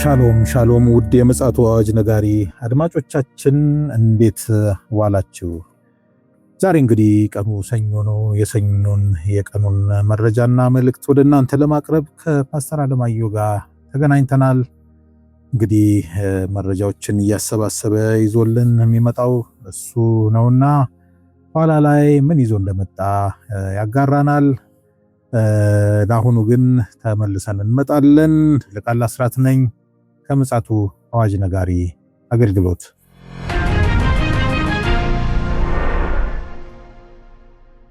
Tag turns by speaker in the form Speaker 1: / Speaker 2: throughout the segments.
Speaker 1: ሻሎም ሻሎም ውድ የምፅዓቱ አዋጅ ነጋሪ አድማጮቻችን እንዴት ዋላችሁ? ዛሬ እንግዲህ ቀኑ ሰኞ ነው። የሰኞን የቀኑን መረጃና መልእክት ወደ እናንተ ለማቅረብ ከፓስተር አለማየሁ ጋር ተገናኝተናል። እንግዲህ መረጃዎችን እያሰባሰበ ይዞልን የሚመጣው እሱ ነውና ኋላ ላይ ምን ይዞ እንደመጣ ያጋራናል። ለአሁኑ ግን ተመልሰን እንመጣለን። ልቃላ ስርዓት ነኝ። ከምፅዓቱ አዋጅ ነጋሪ አገልግሎት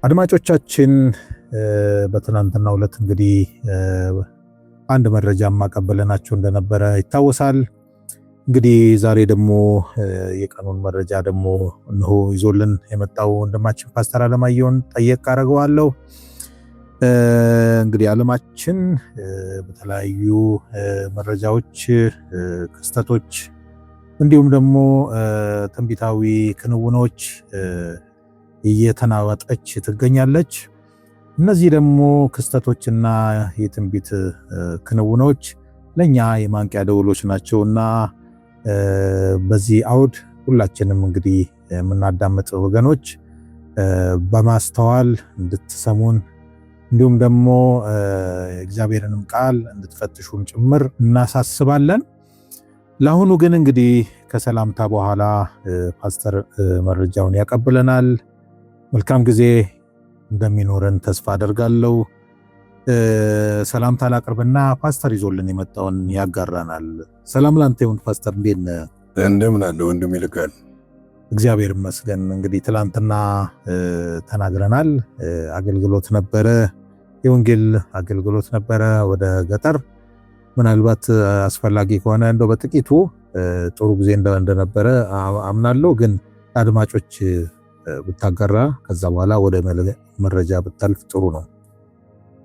Speaker 1: አድማጮቻችን በትናንትና ዕለት እንግዲህ አንድ መረጃ ማቀበለናቸው እንደነበረ ይታወሳል። እንግዲህ ዛሬ ደግሞ የቀኑን መረጃ ደግሞ እንሆ ይዞልን የመጣው ወንድማችን ፓስተር አለማየሁን ጠየቅ አደረገዋለሁ። እንግዲህ ዓለማችን በተለያዩ መረጃዎች፣ ክስተቶች እንዲሁም ደግሞ ትንቢታዊ ክንውኖች እየተናወጠች ትገኛለች። እነዚህ ደግሞ ክስተቶችና የትንቢት ክንውኖች ለእኛ የማንቂያ ደውሎች እና በዚህ አውድ ሁላችንም እንግዲህ የምናዳምጥ ወገኖች በማስተዋል እንድትሰሙን እንዲሁም ደግሞ እግዚአብሔርንም ቃል እንድትፈትሹም ጭምር እናሳስባለን። ለአሁኑ ግን እንግዲህ ከሰላምታ በኋላ ፓስተር መረጃውን ያቀብለናል። መልካም ጊዜ እንደሚኖረን ተስፋ አደርጋለሁ። ሰላምታ ላቅርብና ፓስተር ይዞልን የመጣውን ያጋራናል። ሰላም ላንተ ይሁን ፓስተር፣ እንዴት ነህ?
Speaker 2: እንደምን አለ ወንድም ይልቃል።
Speaker 1: እግዚአብሔር ይመስገን። እንግዲህ ትላንትና ተናግረናል፣ አገልግሎት ነበረ። የወንጌል አገልግሎት ነበረ። ወደ ገጠር ምናልባት አስፈላጊ ከሆነ እንደው በጥቂቱ ጥሩ ጊዜ እንደነበረ አምናለሁ። ግን አድማጮች ብታጋራ ከዛ በኋላ ወደ መረጃ ብታልፍ ጥሩ ነው።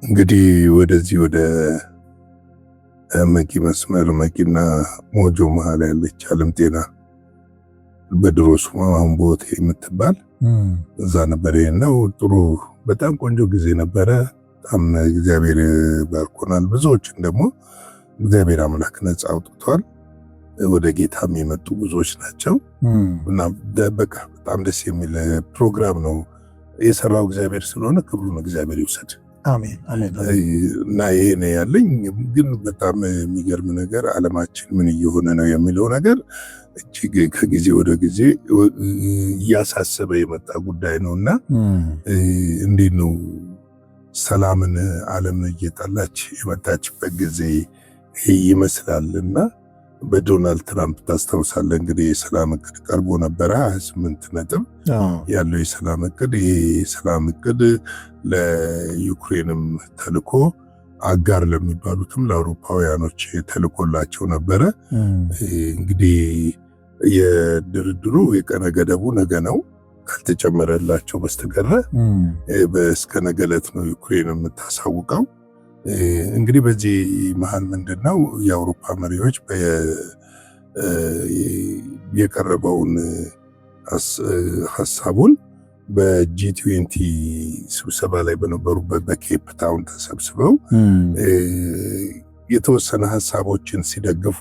Speaker 2: እንግዲህ ወደዚህ ወደ መቂ መስመር መቂና ሞጆ መሀል ያለች አለም ጤና በድሮ ስሟ አምቦቴ የምትባል እዛ ነበር ነው። ጥሩ በጣም ቆንጆ ጊዜ ነበረ። በጣም እግዚአብሔር ባርኮናል። ብዙዎችን ደግሞ እግዚአብሔር አምላክ ነጻ አውጥቷል። ወደ ጌታም የመጡ ብዙዎች ናቸው እና በቃ በጣም ደስ የሚል ፕሮግራም ነው የሰራው እግዚአብሔር ስለሆነ ክብሩን እግዚአብሔር ይውሰድ። እና ይሄ ነው ያለኝ። ግን በጣም የሚገርም ነገር አለማችን ምን እየሆነ ነው የሚለው ነገር እጅግ ከጊዜ ወደ ጊዜ እያሳሰበ የመጣ ጉዳይ ነው እና እንዴት ነው ሰላምን ዓለምን እየጠላች የመጣችበት ጊዜ ይመስላል እና በዶናልድ ትራምፕ ታስታውሳለ እንግዲህ የሰላም እቅድ ቀርቦ ነበረ ሀያ ነጥብ ያለው የሰላም እቅድ ይሄ የሰላም እቅድ ለዩክሬንም ተልኮ አጋር ለሚባሉትም ለአውሮፓውያኖች ተልኮላቸው ነበረ። እንግዲህ የድርድሩ የቀነ ገደቡ ነገ ነው። ካልተጨመረላቸው በስተቀረ እስከ ነገ ዕለት ነው ዩክሬን የምታሳውቀው። እንግዲህ በዚህ መሀል ምንድነው የአውሮፓ መሪዎች የቀረበውን ሀሳቡን በጂ ትዌንቲ ስብሰባ ላይ በነበሩበት በኬፕ ታውን ተሰብስበው የተወሰነ ሀሳቦችን ሲደግፉ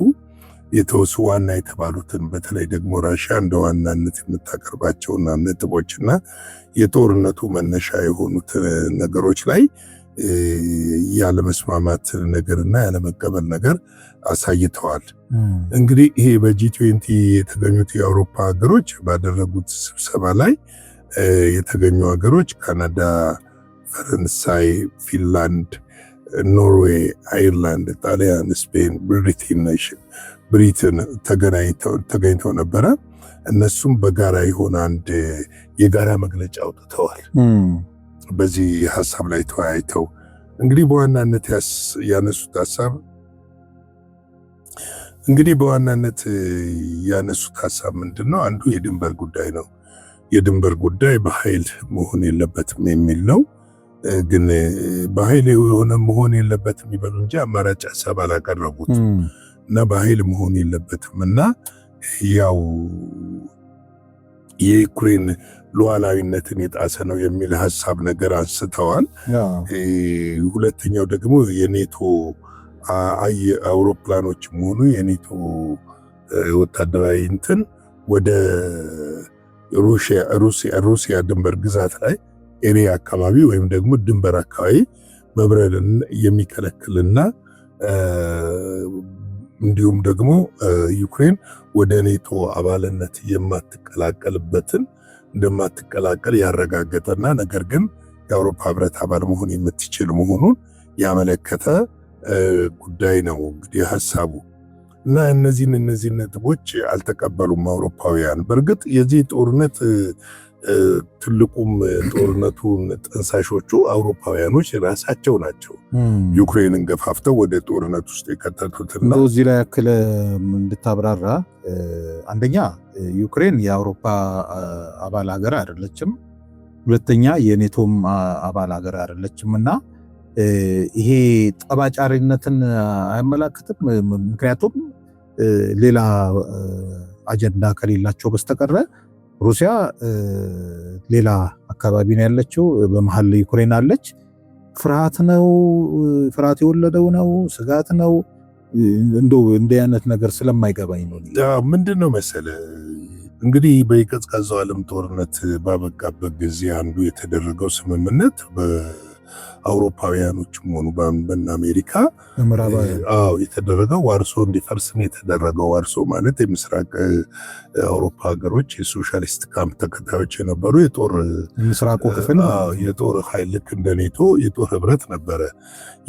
Speaker 2: የተወሱ ዋና የተባሉትን በተለይ ደግሞ ራሽያ እንደ ዋናነት የምታቀርባቸውና እና የጦርነቱ መነሻ የሆኑት ነገሮች ላይ ያለመስማማት ነገርና ያለመቀበል ነገር አሳይተዋል። እንግዲህ ይሄ በጂ ትዌንቲ የተገኙት የአውሮፓ ሀገሮች ባደረጉት ስብሰባ ላይ የተገኙ ሀገሮች ካናዳ፣ ፈረንሳይ፣ ፊንላንድ፣ ኖርዌይ፣ አይርላንድ፣ ጣሊያን፣ ስፔን፣ ብሪቴን ብሪትን ተገኝተው ነበረ። እነሱም በጋራ የሆነ አንድ የጋራ መግለጫ አውጥተዋል። በዚህ ሀሳብ ላይ ተወያይተው እንግዲህ በዋናነት ያነሱት ሀሳብ እንግዲህ በዋናነት ያነሱት ሀሳብ ምንድን ነው? አንዱ የድንበር ጉዳይ ነው። የድንበር ጉዳይ በኃይል መሆን የለበትም የሚል ነው። ግን በኃይል የሆነ መሆን የለበትም ይበሉ እንጂ አማራጭ ሀሳብ አላቀረቡትም። እና በኃይል መሆን የለበትም እና ያው የዩክሬን ሉዓላዊነትን የጣሰ ነው የሚል ሀሳብ ነገር አንስተዋል። ሁለተኛው ደግሞ የኔቶ አውሮፕላኖች መሆኑ የኔቶ ወታደራዊ እንትን ወደ ሩሲያ ድንበር ግዛት ላይ ኤሬ አካባቢ ወይም ደግሞ ድንበር አካባቢ መብረርን የሚከለክልና እንዲሁም ደግሞ ዩክሬን ወደ ኔቶ አባልነት የማትቀላቀልበትን እንደማትቀላቀል ያረጋገጠና ነገር ግን የአውሮፓ ህብረት አባል መሆን የምትችል መሆኑን ያመለከተ ጉዳይ ነው እንግዲህ ሀሳቡ እና እነዚህን እነዚህን ነጥቦች አልተቀበሉም አውሮፓውያን። በእርግጥ የዚህ ጦርነት ትልቁም ጦርነቱን ጠንሳሾቹ አውሮፓውያኖች ራሳቸው ናቸው ዩክሬንን ገፋፍተው ወደ ጦርነት ውስጥ የከተቱትና
Speaker 1: እዚህ ላይ ያክል እንድታብራራ አንደኛ ዩክሬን የአውሮፓ አባል ሀገር አይደለችም ሁለተኛ የኔቶም አባል ሀገር አይደለችም እና ይሄ ጠባጫሪነትን አያመላክትም ምክንያቱም ሌላ አጀንዳ ከሌላቸው በስተቀረ ሩሲያ ሌላ አካባቢ ነው ያለችው፣ በመሀል ዩክሬን አለች። ፍርሃት ነው፣ ፍርሃት የወለደው ነው፣ ስጋት ነው። እንደ እንደ አይነት ነገር ስለማይገባኝ ነው።
Speaker 2: ምንድን ነው መሰለ እንግዲህ በቀዝቃዛው ዓለም ጦርነት ባበቃበት ጊዜ አንዱ የተደረገው ስምምነት አውሮፓውያኖችም ሆኑ በእነ አሜሪካ አዎ የተደረገው ዋርሶ እንዲፈርስ ነው የተደረገው። ዋርሶ ማለት የምስራቅ አውሮፓ ሀገሮች የሶሻሊስት ካምፕ ተከታዮች የነበሩ የጦር
Speaker 1: ምስራቁ ክፍል
Speaker 2: የጦር ኃይል ልክ እንደ ኔቶ የጦር ህብረት ነበረ።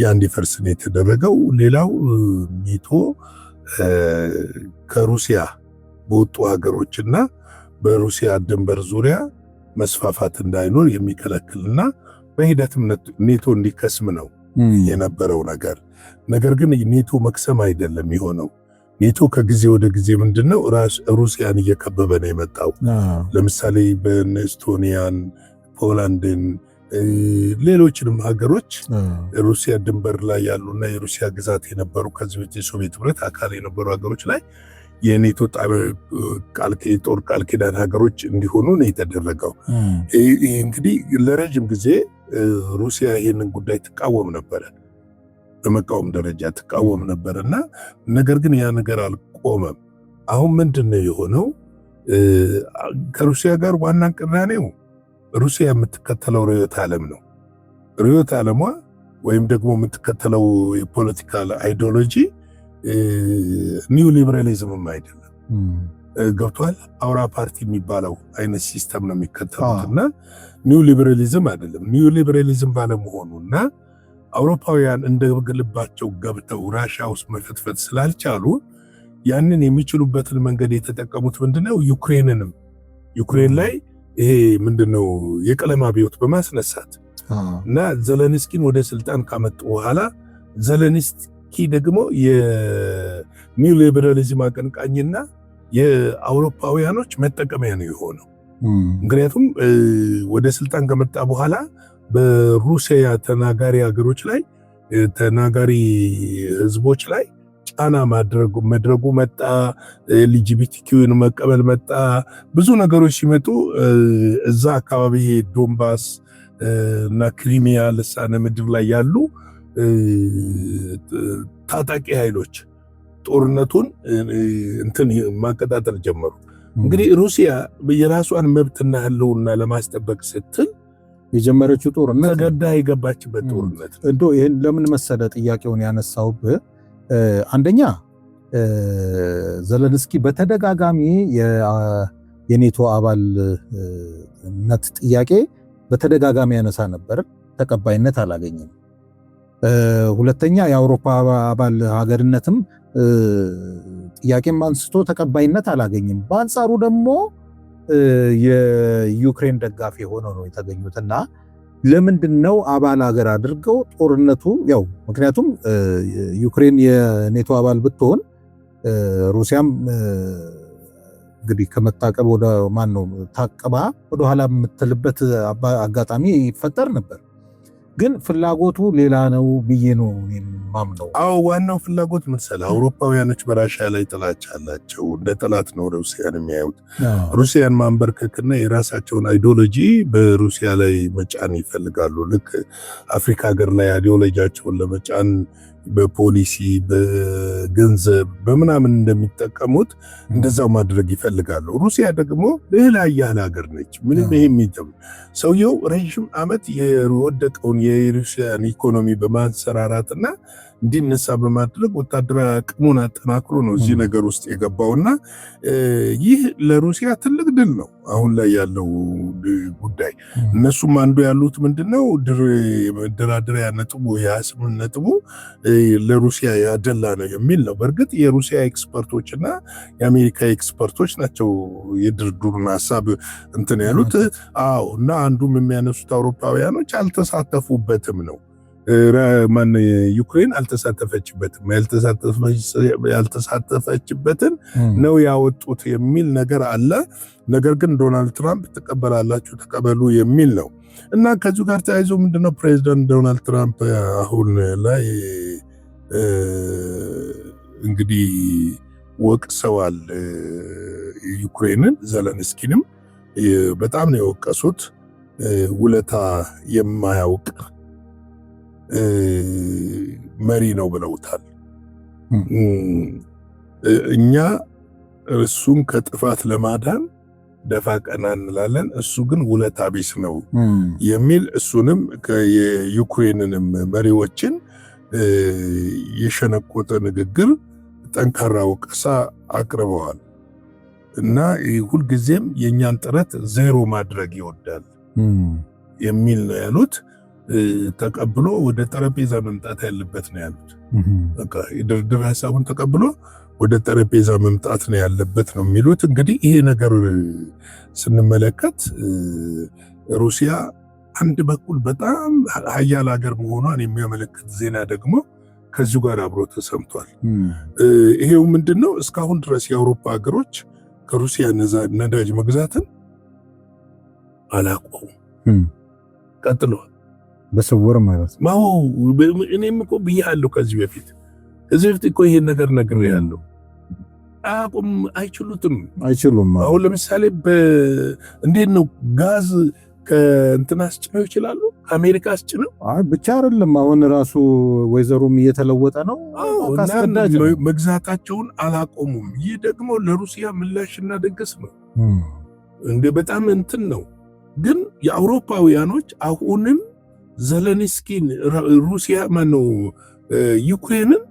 Speaker 2: ያ እንዲፈርስ ነው የተደረገው። ሌላው ኔቶ ከሩሲያ በወጡ ሀገሮችና በሩሲያ ድንበር ዙሪያ መስፋፋት እንዳይኖር የሚከለክልና በሂደትም ኔቶ እንዲከስም ነው የነበረው ነገር። ነገር ግን ኔቶ መክሰም አይደለም የሆነው። ኔቶ ከጊዜ ወደ ጊዜ ምንድነው ሩሲያን እየከበበ ነው የመጣው። ለምሳሌ በኤስቶኒያን፣ ፖላንድን፣ ሌሎችንም ሀገሮች ሩሲያ ድንበር ላይ ያሉና የሩሲያ ግዛት የነበሩ ከዚህ በፊት የሶቪየት ህብረት አካል የነበሩ ሀገሮች ላይ የኔቶ ጦር ቃል ኪዳን ሀገሮች እንዲሆኑ ነው የተደረገው። እንግዲህ ለረጅም ጊዜ ሩሲያ ይህንን ጉዳይ ትቃወም ነበረ፣ በመቃወም ደረጃ ትቃወም ነበር እና ነገር ግን ያ ነገር አልቆመም። አሁን ምንድን ነው የሆነው? ከሩሲያ ጋር ዋና ቅራኔው ሩሲያ የምትከተለው ርዕዮተ ዓለም ነው። ርዕዮተ ዓለሟ ወይም ደግሞ የምትከተለው የፖለቲካል አይዲዮሎጂ ኒው ሊበራሊዝምም አይደለም ገብቷል። አውራ ፓርቲ የሚባለው አይነት ሲስተም ነው የሚከተሉት እና ኒው ሊበራሊዝም አይደለም። ኒው ሊበራሊዝም ባለመሆኑ እና አውሮፓውያን እንደልባቸው ገብተው ራሻ ውስጥ መፈትፈት ስላልቻሉ ያንን የሚችሉበትን መንገድ የተጠቀሙት ምንድነው ዩክሬንንም ዩክሬን ላይ ይሄ ምንድነው የቀለም አብዮት በማስነሳት እና ዘለንስኪን ወደ ስልጣን ካመጡ በኋላ ዘለንስኪ ኪ ደግሞ የኒው ሊበራሊዝም አቀንቃኝና የአውሮፓውያኖች መጠቀሚያ ነው የሆነው። ምክንያቱም ወደ ስልጣን ከመጣ በኋላ በሩሲያ ተናጋሪ ሀገሮች ላይ ተናጋሪ ህዝቦች ላይ ጫና መድረጉ መጣ። ኤልጂቢቲኪውን መቀበል መጣ። ብዙ ነገሮች ሲመጡ እዛ አካባቢ ዶንባስ እና ክሪሚያ ልሳነ ምድር ላይ ያሉ ታጣቂ ኃይሎች ጦርነቱን እንትን ማቀጣጠር ጀመሩ። እንግዲህ ሩሲያ የራሷን መብትና ሕልውና ለማስጠበቅ ስትል የጀመረችው ጦርነት ተገዳ የገባችበት ጦርነት
Speaker 1: እንዶ ይህን ለምን መሰለ ጥያቄውን ያነሳውብህ አንደኛ ዘለንስኪ በተደጋጋሚ የኔቶ አባልነት ጥያቄ በተደጋጋሚ ያነሳ ነበር፣ ተቀባይነት አላገኝም። ሁለተኛ የአውሮፓ አባል ሀገርነትም ጥያቄም አንስቶ ተቀባይነት አላገኝም። በአንጻሩ ደግሞ የዩክሬን ደጋፊ ሆኖ ነው የተገኙት እና ለምንድን ነው አባል ሀገር አድርገው ጦርነቱ ያው ምክንያቱም ዩክሬን የኔቶ አባል ብትሆን ሩሲያም እንግዲህ ከመታቀብ ወደ ማን ነው ታቅባ ወደኋላ የምትልበት አጋጣሚ ይፈጠር ነበር። ግን ፍላጎቱ ሌላ ነው ብዬ ነው ማምነው።
Speaker 2: አዎ ዋናው ፍላጎት መሰለህ አውሮፓውያኖች በራሻ ላይ ጥላቻ አላቸው። እንደ ጥላት ነው ሩሲያን የሚያዩት። ሩሲያን ማንበርከክና የራሳቸውን አይዲዮሎጂ በሩሲያ ላይ መጫን ይፈልጋሉ። ልክ አፍሪካ ሀገር ላይ አይዲዮሎጂያቸውን ለመጫን በፖሊሲ በገንዘብ በምናምን እንደሚጠቀሙት እንደዛው ማድረግ ይፈልጋሉ። ሩሲያ ደግሞ ሌላ ያህል ሀገር ነች። ምንም ይሄ የሚጠም ሰውየው ረዥም ዓመት የወደቀውን የሩሲያን ኢኮኖሚ በማንሰራራትና እንዲነሳ በማድረግ ወታደራዊ አቅሙን አጠናክሮ ነው እዚህ ነገር ውስጥ የገባውና ይህ ለሩሲያ ትልቅ ድል ነው። አሁን ላይ ያለው ጉዳይ እነሱም አንዱ ያሉት ምንድነው መደራደሪያ ነጥቡ የስምምነት ነጥቡ ለሩሲያ ያደላ ነው የሚል ነው። በእርግጥ የሩሲያ ኤክስፐርቶች እና የአሜሪካ ኤክስፐርቶች ናቸው የድርድሩን ሀሳብ እንትን ያሉት። አዎ እና አንዱም የሚያነሱት አውሮፓውያኖች አልተሳተፉበትም ነው ማን ዩክሬን አልተሳተፈችበትም። ያልተሳተፈችበትን ነው ያወጡት የሚል ነገር አለ። ነገር ግን ዶናልድ ትራምፕ ትቀበላላችሁ፣ ተቀበሉ የሚል ነው እና ከዚሁ ጋር ተያይዞ ምንድነው ፕሬዚደንት ዶናልድ ትራምፕ አሁን ላይ እንግዲህ ወቅሰዋል ዩክሬንን፣ ዘለንስኪንም በጣም ነው የወቀሱት ውለታ የማያውቅ መሪ ነው ብለውታል። እኛ እሱን ከጥፋት ለማዳን ደፋ ቀና እንላለን፣ እሱ ግን ውለታ ቢስ ነው የሚል እሱንም የዩክሬንንም መሪዎችን የሸነቆጠ ንግግር፣ ጠንካራ ወቀሳ አቅርበዋል። እና ሁልጊዜም የእኛን ጥረት ዜሮ ማድረግ ይወዳል የሚል ነው ያሉት። ተቀብሎ ወደ ጠረጴዛ መምጣት ያለበት ነው ያሉት። በቃ የድርድር ሀሳቡን ተቀብሎ ወደ ጠረጴዛ መምጣት ነው ያለበት ነው የሚሉት። እንግዲህ ይሄ ነገር ስንመለከት ሩሲያ አንድ በኩል በጣም ሀያል ሀገር መሆኗን የሚያመለክት ዜና ደግሞ ከዚሁ ጋር አብሮ ተሰምቷል። ይሄው ምንድን ነው እስካሁን ድረስ የአውሮፓ ሀገሮች ከሩሲያ ነዳጅ መግዛትን አላቆሙ ቀጥለዋል።
Speaker 1: በስውር ማለት
Speaker 2: ነው። እኔም እኮ ብያለሁ ከዚህ በፊት እዚህ በፊት እኮ ይሄን ነገር ነገር ያለው አቁም አይችሉትም፣ አይችሉም። አሁን ለምሳሌ እንዴት ነው ጋዝ ከእንትን አስጭነው ይችላሉ፣ ከአሜሪካ አስጭነው።
Speaker 1: ብቻ አይደለም አሁን ራሱ ወይዘሮም እየተለወጠ ነው፣
Speaker 2: መግዛታቸውን አላቆሙም። ይህ ደግሞ ለሩሲያ ምላሽና ድግስ ነው። እንደ በጣም እንትን ነው። ግን የአውሮፓውያኖች አሁንም ዘለንስኪን ሩሲያ ማነው ዩክሬንን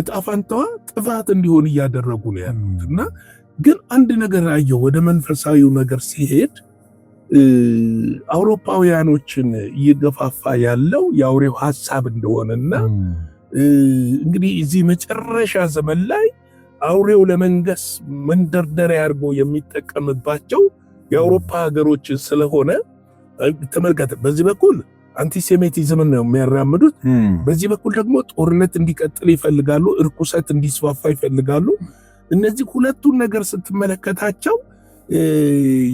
Speaker 2: እጣፋንተዋ ጥፋት እንዲሆን እያደረጉ ነው ያሉት እና ግን አንድ ነገር አየው። ወደ መንፈሳዊው ነገር ሲሄድ አውሮፓውያኖችን እየገፋፋ ያለው የአውሬው ሀሳብ እንደሆነና እንግዲህ እዚህ መጨረሻ ዘመን ላይ አውሬው ለመንገስ መንደርደሪያ አድርጎ የሚጠቀምባቸው የአውሮፓ ሀገሮች ስለሆነ ተመልከት፣ በዚህ በኩል አንቲሴሜቲዝምን ነው የሚያራምዱት። በዚህ በኩል ደግሞ ጦርነት እንዲቀጥል ይፈልጋሉ፣ እርኩሰት እንዲስፋፋ ይፈልጋሉ። እነዚህ ሁለቱን ነገር ስትመለከታቸው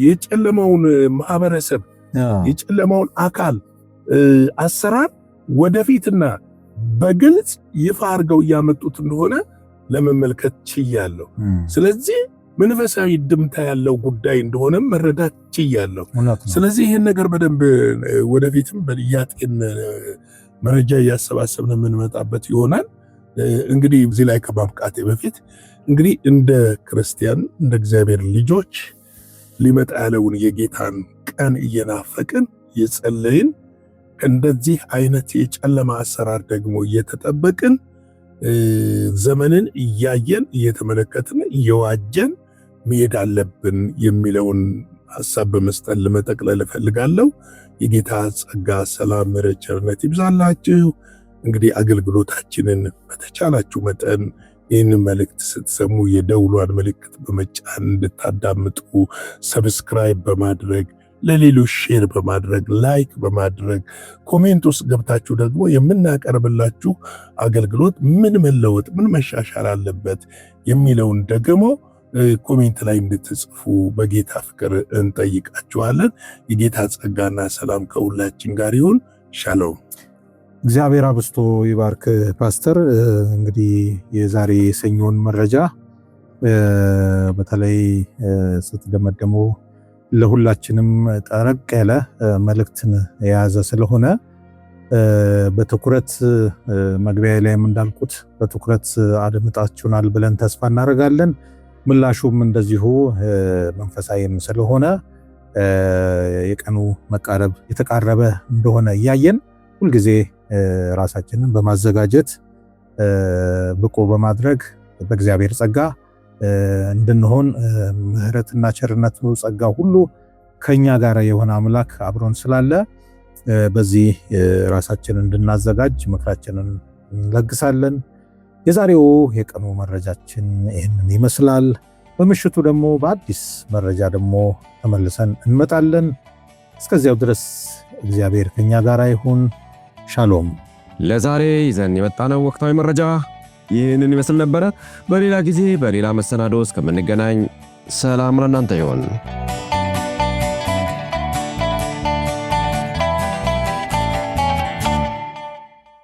Speaker 2: የጨለማውን ማህበረሰብ የጨለማውን አካል አሰራር ወደፊትና በግልጽ ይፋ አድርገው እያመጡት እንደሆነ ለመመልከት ችያለሁ። ስለዚህ መንፈሳዊ ድምታ ያለው ጉዳይ እንደሆነም መረዳት ችያለሁ። ስለዚህ ይህን ነገር በደንብ ወደፊትም በያጤን መረጃ እያሰባሰብን የምንመጣበት ይሆናል። እንግዲህ እዚህ ላይ ከማብቃቴ በፊት እንግዲህ እንደ ክርስቲያን እንደ እግዚአብሔር ልጆች ሊመጣ ያለውን የጌታን ቀን እየናፈቅን የጸለይን እንደዚህ አይነት የጨለማ አሰራር ደግሞ እየተጠበቅን ዘመንን እያየን እየተመለከትን እየዋጀን መሄድ አለብን የሚለውን ሀሳብ በመስጠት ለመጠቅለል እፈልጋለሁ። የጌታ ጸጋ፣ ሰላም፣ ምሕረት፣ ቸርነት ይብዛላችሁ። እንግዲህ አገልግሎታችንን በተቻላችሁ መጠን ይህን መልእክት ስትሰሙ የደውሏን ምልክት በመጫን እንድታዳምጡ ሰብስክራይብ በማድረግ ለሌሎች ሼር በማድረግ ላይክ በማድረግ ኮሜንት ውስጥ ገብታችሁ ደግሞ የምናቀርብላችሁ አገልግሎት ምን መለወጥ ምን መሻሻል አለበት የሚለውን ደግሞ ኮሜንት ላይ እንድትጽፉ በጌታ ፍቅር እንጠይቃችኋለን። የጌታ ጸጋና ሰላም ከሁላችን ጋር ይሁን። ሻለው
Speaker 1: እግዚአብሔር አብስቶ ይባርክ። ፓስተር እንግዲህ የዛሬ የሰኞውን መረጃ በተለይ ስትደመደሞ ለሁላችንም ጠረቅ ያለ መልእክትን የያዘ ስለሆነ በትኩረት መግቢያ ላይም እንዳልኩት በትኩረት አድምጣችሁናል ብለን ተስፋ እናደርጋለን። ምላሹም እንደዚሁ መንፈሳዊም ስለሆነ የቀኑ መቃረብ የተቃረበ እንደሆነ እያየን ሁልጊዜ ራሳችንን በማዘጋጀት ብቁ በማድረግ በእግዚአብሔር ጸጋ እንድንሆን ምሕረትና ቸርነቱ ጸጋ ሁሉ ከኛ ጋር የሆነ አምላክ አብሮን ስላለ በዚህ ራሳችንን እንድናዘጋጅ ምክራችንን እንለግሳለን። የዛሬው የቀኑ መረጃችን ይህንን ይመስላል። በምሽቱ ደግሞ በአዲስ መረጃ ደግሞ ተመልሰን እንመጣለን። እስከዚያው ድረስ እግዚአብሔር ከኛ ጋር ይሁን። ሻሎም። ለዛሬ ይዘን የመጣነው ወቅታዊ መረጃ ይህንን ይመስል ነበረ። በሌላ ጊዜ በሌላ መሰናዶ እስከምንገናኝ ሰላም ለእናንተ ይሆን።